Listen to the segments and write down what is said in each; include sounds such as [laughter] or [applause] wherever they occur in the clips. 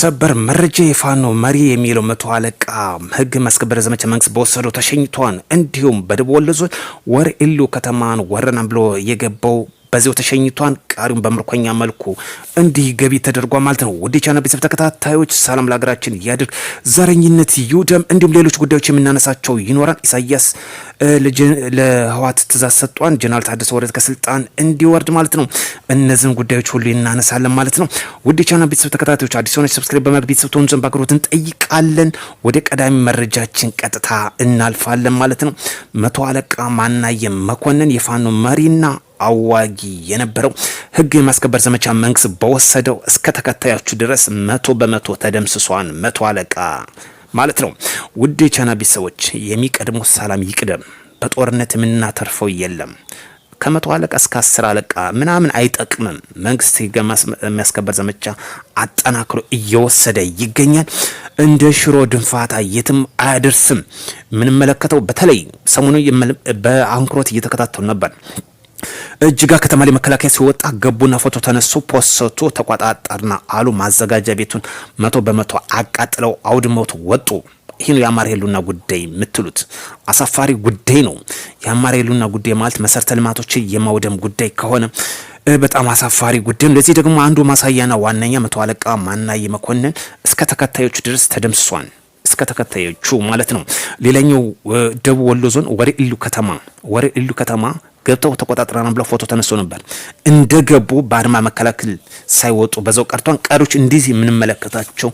ሰበር መረጃ የፋኖ መሪ የሚለው መቶ አለቃ ህግ ማስከበር ዘመቻ መንግስት በወሰደው ተሸኝቷን እንዲሁም በደቡብ ወሎ ዞን ኢሉ ከተማን ወረናን ብሎ የገባው በዚያው ተሸኝቷን ቀሪውን በምርኮኛ መልኩ እንዲህ ገቢ ተደርጓ ማለት ነው። ውድ የቻናል ቤተሰብ ተከታታዮች ሰላም ለሀገራችን ያድርግ፣ ዘረኝነት ይውደም፣ እንዲሁም ሌሎች ጉዳዮች የምናነሳቸው ይኖራል። ኢሳያስ ለህዋት ትእዛዝ ሰጧን ጀነራል ታደሰ ወረደ ከስልጣን እንዲወርድ ማለት ነው። እነዚህን ጉዳዮች ሁሉ እናነሳለን ማለት ነው። ውድ የቻናል ቤተሰብ ተከታታዮች አዲስ ሆነች ሰብስክራይብ በማድረግ ቤተሰብ ትሆኑ ዘንድ በአክብሮት እንጠይቃለን። ወደ ቀዳሚ መረጃችን ቀጥታ እናልፋለን ማለት ነው። መቶ አለቃ ማናየ መኮንን የፋኖ መሪና አዋጊ የነበረው ህግ የማስከበር ዘመቻ መንግስት በወሰደው እስከ ተከታዮቹ ድረስ መቶ በመቶ ተደምስሷን መቶ አለቃ ማለት ነው። ውድ የቻና ቤተሰቦች የሚቀድመው ሰላም ይቅደም። በጦርነት የምናተርፈው የለም። ከመቶ አለቃ እስከ አስር አለቃ ምናምን አይጠቅምም። መንግስት ህግ የሚያስከበር ዘመቻ አጠናክሮ እየወሰደ ይገኛል። እንደ ሽሮ ድንፋታ የትም አያደርስም። የምንመለከተው በተለይ ሰሞኑ በአንክሮት እየተከታተሉ ነበር እጅጋ ከተማ ላይ መከላከያ ሲወጣ ገቡና ፎቶ ተነሱ፣ ፖስቱ ተቆጣጠርና አሉ። ማዘጋጃ ቤቱን መቶ በመቶ አቃጥለው አውድመውት ወጡ። ይህ ነው የአማራ ህልውና ጉዳይ የምትሉት አሳፋሪ ጉዳይ ነው። የአማራ ህልውና ጉዳይ ማለት መሰረተ ልማቶች የማውደም ጉዳይ ከሆነ በጣም አሳፋሪ ጉዳይ። ለዚህ ደግሞ አንዱ ማሳያና ዋነኛ መቶ አለቃ ማናየ መኮንን እስከ ተከታዮቹ ድረስ ተደምስሷል። እስከ ተከታዮቹ ማለት ነው። ሌላኛው ደቡብ ወሎ ዞን ወሬ ኢሉ ከተማ ወሬ ኢሉ ከተማ ገብተው ተቆጣጥረናል ብለው ፎቶ ተነስቶ ነበር። እንደገቡ በአድማ መከላከል ሳይወጡ በዛው ቀርቷን ቀሪዎች እንዲህ የምንመለከታቸው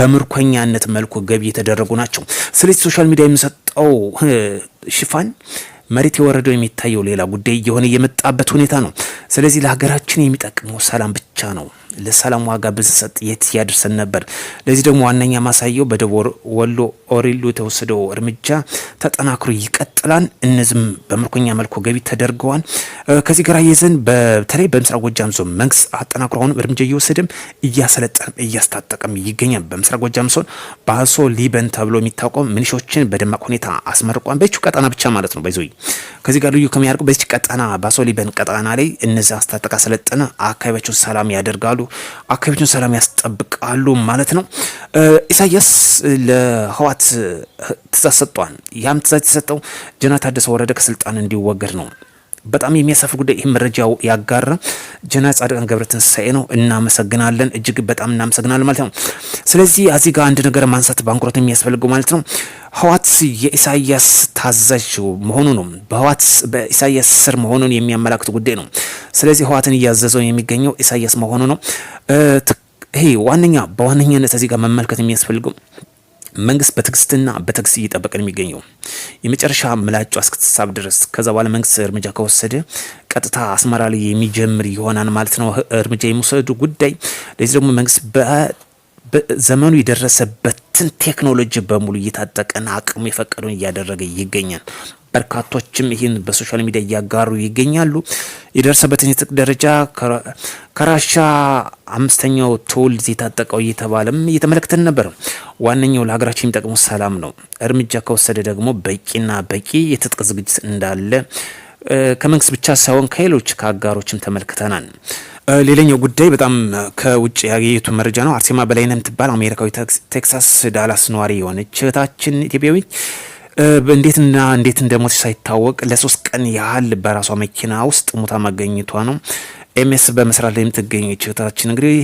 በምርኮኛነት መልኩ ገቢ የተደረጉ ናቸው። ስለዚህ ሶሻል ሚዲያ የሚሰጠው ሽፋን መሬት የወረደው የሚታየው ሌላ ጉዳይ እየሆነ የመጣበት ሁኔታ ነው። ስለዚህ ለሀገራችን የሚጠቅመው ሰላም ብቻ ነው። ለሰላም ዋጋ ብንሰጥ የት ያደርሰን ነበር? ለዚህ ደግሞ ዋነኛ ማሳየው በደቡብ ወሎ ኦሪሉ የተወሰደው እርምጃ ተጠናክሮ ይቀጥላል። እነዚህም በምርኮኛ መልኩ ገቢ ተደርገዋል። ከዚህ ጋር የዘን በተለይ በምስራቅ ጎጃም ዞን መንግስት አጠናክሮ አሁንም እርምጃ እየወሰደም እያሰለጠንም እያስታጠቀም ይገኛል። በምስራቅ ጎጃም ዞን ባሶ ሊበን ተብሎ የሚታወቀው ምንሾችን በደማቅ ሁኔታ አስመርቋል። በዚች ቀጠና ብቻ ማለት ነው። በዚህ ከዚህ ጋር ልዩ ከሚያደርገው በዚች ቀጠና ባሶ ሊበን ቀጠና ላይ እነዚህ አስታጠቃ አሰለጠነ አካባቢያቸው ሰላም ያደርጋሉ። ያስቀጥላሉ፣ አካባቢዎችን ሰላም ያስጠብቃሉ ማለት ነው። ኢሳያስ ለህዋት ትእዛዝ ሰጥቷል። ያም ትእዛዝ የተሰጠው ጀነራል ታደሰ ወረደ ከስልጣን እንዲወገድ ነው። በጣም የሚያሳፍ ጉዳይ ይህ መረጃው ያጋራ ጀና ጻድቃን ገብረትንሳኤ ነው። እናመሰግናለን፣ እጅግ በጣም እናመሰግናለን ማለት ነው። ስለዚህ አዚ ጋር አንድ ነገር ማንሳት ባንኩረት የሚያስፈልገው ማለት ነው ህዋት የኢሳያስ ታዛዥ መሆኑ ነው። በህወሓት በኢሳያስ ስር መሆኑን የሚያመላክት ጉዳይ ነው። ስለዚህ ህዋትን እያዘዘው የሚገኘው ኢሳያስ መሆኑ ነው። ይሄ ዋነኛ በዋነኛነት እዚህ ጋር መመልከት የሚያስፈልገው መንግስት በትዕግስትና በትዕግስት እየጠበቀ ነው የሚገኘው የመጨረሻ ምላጫ እስክትሳብ ድረስ። ከዛ በኋላ መንግስት እርምጃ ከወሰደ ቀጥታ አስመራ ላይ የሚጀምር ይሆናል ማለት ነው እርምጃ የመውሰዱ ጉዳይ። ለዚህ ደግሞ መንግስት ዘመኑ የደረሰበትን ቴክኖሎጂ በሙሉ እየታጠቀና አቅሙ የፈቀደውን እያደረገ ይገኛል። በርካቶችም ይህን በሶሻል ሚዲያ እያጋሩ ይገኛሉ። የደረሰበትን የጥቅ ደረጃ ከራሻ አምስተኛው ትውልድ የታጠቀው እየተባለም እየተመለከተን ነበር። ዋነኛው ለሀገራችን የሚጠቅሙ ሰላም ነው። እርምጃ ከወሰደ ደግሞ በቂና በቂ የትጥቅ ዝግጅት እንዳለ ከመንግስት ብቻ ሳይሆን ከሌሎች ከአጋሮችም ተመልክተናል። ሌላኛው ጉዳይ በጣም ከውጭ ያገኘቱ መረጃ ነው። አርሴማ በላይነ የምትባል አሜሪካዊ ቴክሳስ ዳላስ ነዋሪ የሆነች እህታችን ኢትዮጵያዊ እንዴትና እንዴት እንደሞተች ሳይታወቅ ለሶስት ቀን ያህል በራሷ መኪና ውስጥ ሙታ መገኘቷ ነው። ኤምኤስ በመስራት ላይ የምትገኘች እህታችን እንግዲህ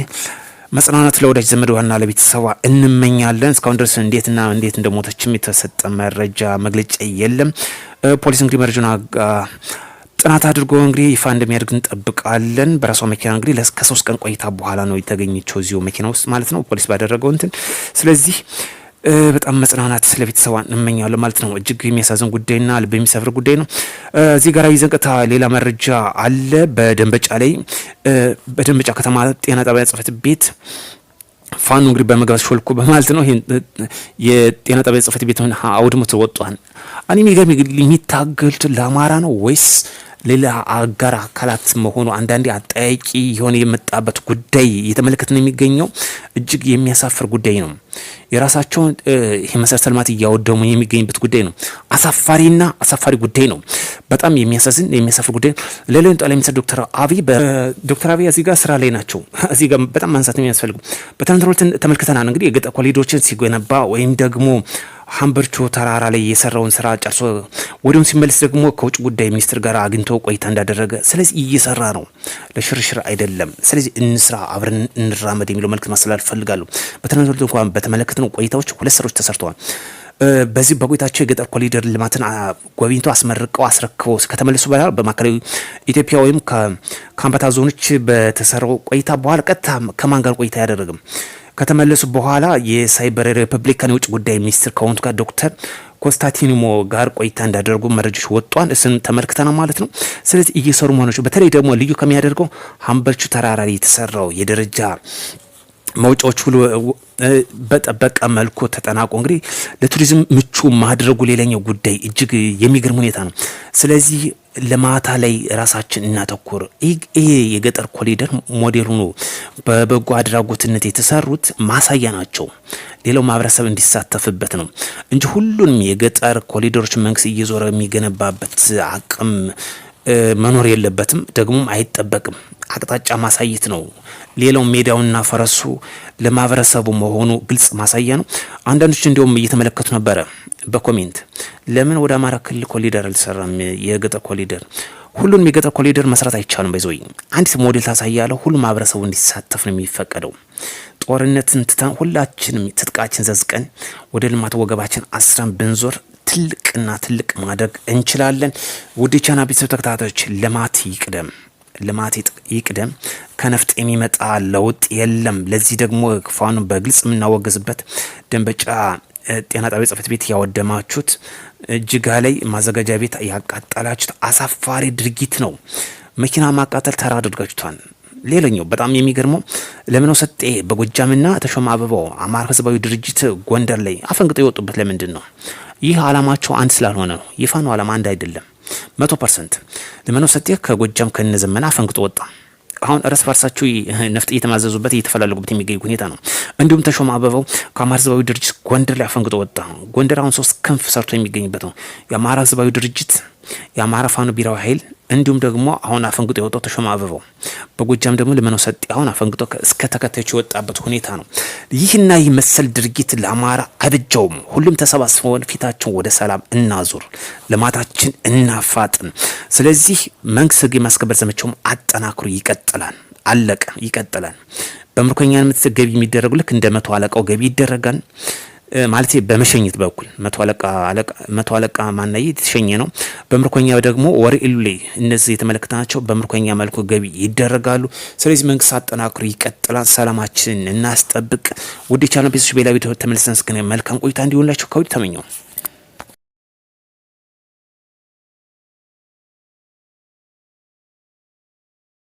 መጽናናት ለወዳጅ ዘመድዋና ለቤተሰቧ እንመኛለን። እስካሁን ድረስ እንዴትና እንዴት እንደሞተችም የተሰጠ መረጃ መግለጫ የለም። ፖሊስ እንግዲህ መረጃን ጥናት አድርጎ እንግዲህ ይፋ እንደሚያደርግ እንጠብቃለን። በራሷ መኪና እንግዲህ ከሶስት ቀን ቆይታ በኋላ ነው የተገኘችው እዚሁ መኪና ውስጥ ማለት ነው ፖሊስ ባደረገው እንትን። ስለዚህ በጣም መጽናናት ለቤተሰቧ እንመኛለን ማለት ነው። እጅግ የሚያሳዝን ጉዳይና ልብ የሚሰፍር ጉዳይ ነው። እዚህ ጋር ይዘን ቀጥታ ሌላ መረጃ አለ። በደንበጫ ላይ በደንበጫ ከተማ ጤና ጣቢያ ጽሕፈት ቤት ፋኑ እንግዲህ በመግባት ሾልኩ በማለት ነው የጤና ጣቢያ ጽሕፈት ቤት አውድሞ ተወጧል። እኔ የሚገርም የሚታገሉት ለአማራ ነው ወይስ ሌላ አጋር አካላት መሆኑ አንዳንዴ አጠያቂ የሆነ የመጣበት ጉዳይ እየተመለከትን የሚገኘው እጅግ የሚያሳፍር ጉዳይ ነው። የራሳቸውን ይሄ መሰረተ ልማት እያወደሙ የሚገኝበት ጉዳይ ነው። አሳፋሪና አሳፋሪ ጉዳይ ነው። በጣም የሚያሳዝን የሚያሳፍር ጉዳይ ነው። ሌላውን ጠቅላይ ሚኒስትር ዶክተር አብይ ዶክተር አብይ እዚህ ጋር ስራ ላይ ናቸው። [laughs] እዚህ ጋር በጣም ማንሳት የሚያስፈልጉ በትናንትናው ዕለት ተመልክተናል። እንግዲህ የገጠር ኮሊዶችን ሲገነባ ወይም ደግሞ ሀምበርቾ ተራራ ላይ የሰራውን ስራ ጨርሶ ወዲሁን ሲመለስ ደግሞ ከውጭ ጉዳይ ሚኒስትር ጋር አግኝቶ ቆይታ እንዳደረገ፣ ስለዚህ እየሰራ ነው፣ ለሽርሽር አይደለም። ስለዚህ እንስራ፣ አብረን እንራመድ የሚለው መልክት ማስተላለፍ እፈልጋለሁ። በትናንት እንኳን በተመለከትነው ቆይታዎች ሁለት ስራዎች ተሰርተዋል። በዚህ በቆይታቸው የገጠር ኮሊደር ልማትን ጎብኝቶ አስመርቀው አስረክበው ከተመለሱ በኋላ በማዕከላዊ ኢትዮጵያ ወይም ከካምባታ ዞኖች በተሰራው ቆይታ በኋላ ቀጥታ ከማን ጋር ቆይታ አያደረግም ከተመለሱ በኋላ የሳይበር ሪፐብሊካን የውጭ ጉዳይ ሚኒስትር ከሆኑት ጋር ዶክተር ኮንስታንቲኖ ጋር ቆይታ እንዳደረጉ መረጃዎች ወጥቷል። እሱን ተመልክተናል ማለት ነው። ስለዚህ እየሰሩ መሆናቸው በተለይ ደግሞ ልዩ ከሚያደርገው ሀምበርቹ ተራራ የተሰራው የደረጃ መውጫዎች ሁሉ በጠበቀ መልኩ ተጠናቆ እንግዲህ ለቱሪዝም ምቹ ማድረጉ ሌላኛው ጉዳይ እጅግ የሚገርም ሁኔታ ነው። ስለዚህ ለማታ ላይ ራሳችን እናተኩር። ይህ የገጠር ኮሊደር ሞዴል በበጎ አድራጎትነት የተሰሩት ማሳያ ናቸው። ሌላው ማህበረሰብ እንዲሳተፍበት ነው እንጂ ሁሉንም የገጠር ኮሊደሮች መንግስት እየዞረ የሚገነባበት አቅም መኖር የለበትም ደግሞም አይጠበቅም። አቅጣጫ ማሳየት ነው። ሌላው ሜዳውና ፈረሱ ለማህበረሰቡ መሆኑ ግልጽ ማሳያ ነው። አንዳንዶች እንዲሁም እየተመለከቱ ነበረ በኮሜንት ለምን ወደ አማራ ክልል ኮሊደር አልሰራም? የገጠር ኮሊደር ሁሉንም የገጠር ኮሊደር መስራት አይቻልም። በይዘወይ አንዲት ሞዴል ታሳያለሁ። ሁሉ ማህበረሰቡ እንዲሳተፍ ነው የሚፈቀደው። ጦርነትን ትተን ሁላችንም ትጥቃችን ዘዝቀን ወደ ልማት ወገባችን አስረን ብንዞር ትልቅና ትልቅ ማድረግ እንችላለን። ውድ ቻና ቤተሰብ ተከታታዮች ልማት ይቅደም፣ ልማት ይቅደም። ከነፍጥ የሚመጣ ለውጥ የለም። ለዚህ ደግሞ ክፋኑ በግልጽ የምናወገዝበት ደንበጫ ጤና ጣቢያ ጽሕፈት ቤት ያወደማችሁት፣ እጅጋ ላይ ማዘጋጃ ቤት ያቃጠላችሁት አሳፋሪ ድርጊት ነው። መኪና ማቃጠል ተራ አድርጋችሁታል። ሌላኛው በጣም የሚገርመው ለምነው ሰጤ በጎጃምና ተሾመ አበባው አማራ ህዝባዊ ድርጅት ጎንደር ላይ አፈንግጠው የወጡበት ለምንድን ነው? ይህ አላማቸው አንድ ስላልሆነ ነው። የፋኖ አላማ አንድ አይደለም። መቶ ፐርሰንት ዘመነ ሰጤ ከጎጃም ከነ ዘመና አፈንግጦ ወጣ። አሁን እርስ በርሳቸው ነፍጥ እየተማዘዙበት እየተፈላለጉበት የሚገኝ ሁኔታ ነው። እንዲሁም ተሾመ አበባው ከአማራ ህዝባዊ ድርጅት ጎንደር ላይ አፈንግጦ ወጣ። ጎንደር አሁን ሶስት ክንፍ ሰርቶ የሚገኝበት ነው። የአማራ ህዝባዊ ድርጅት፣ የአማራ ፋኖ ብሔራዊ ኃይል እንዲሁም ደግሞ አሁን አፈንግጦ የወጣው ተሾመ አበባው በጎጃም ደግሞ ልመነው ሰጤ አሁን አፈንግጦ እስከ ተከታዮች የወጣበት ሁኔታ ነው። ይህና ይህ መሰል ድርጊት ለአማራ አይበጃውም። ሁሉም ተሰባስበውን ፊታችን ወደ ሰላም እናዙር፣ ልማታችን እናፋጥን። ስለዚህ መንግስት ህግ የማስከበር ዘመቻውም አጠናክሮ ይቀጥላል። አለቀ፣ ይቀጥላል። በምርኮኛ በምርኮኛነት ገቢ የሚደረጉ ልክ እንደ መቶ አለቃው ገቢ ይደረጋል። ማለት በመሸኝት በኩል መቶ አለቃ ማናየ የተሸኘ ነው። በምርኮኛ ደግሞ ወር ኢሉሌ እነዚህ የተመለከትናቸው በምርኮኛ መልኩ ገቢ ይደረጋሉ። ስለዚህ መንግስት አጠናክሮ ይቀጥላል። ሰላማችንን እናስጠብቅ። ውድ ቻናል ቤቶች፣ በሌላ ቪዲዮ ተመልሰን እስክንገናኝ መልካም ቆይታ እንዲሆንላቸው ከውድ ተመኘው።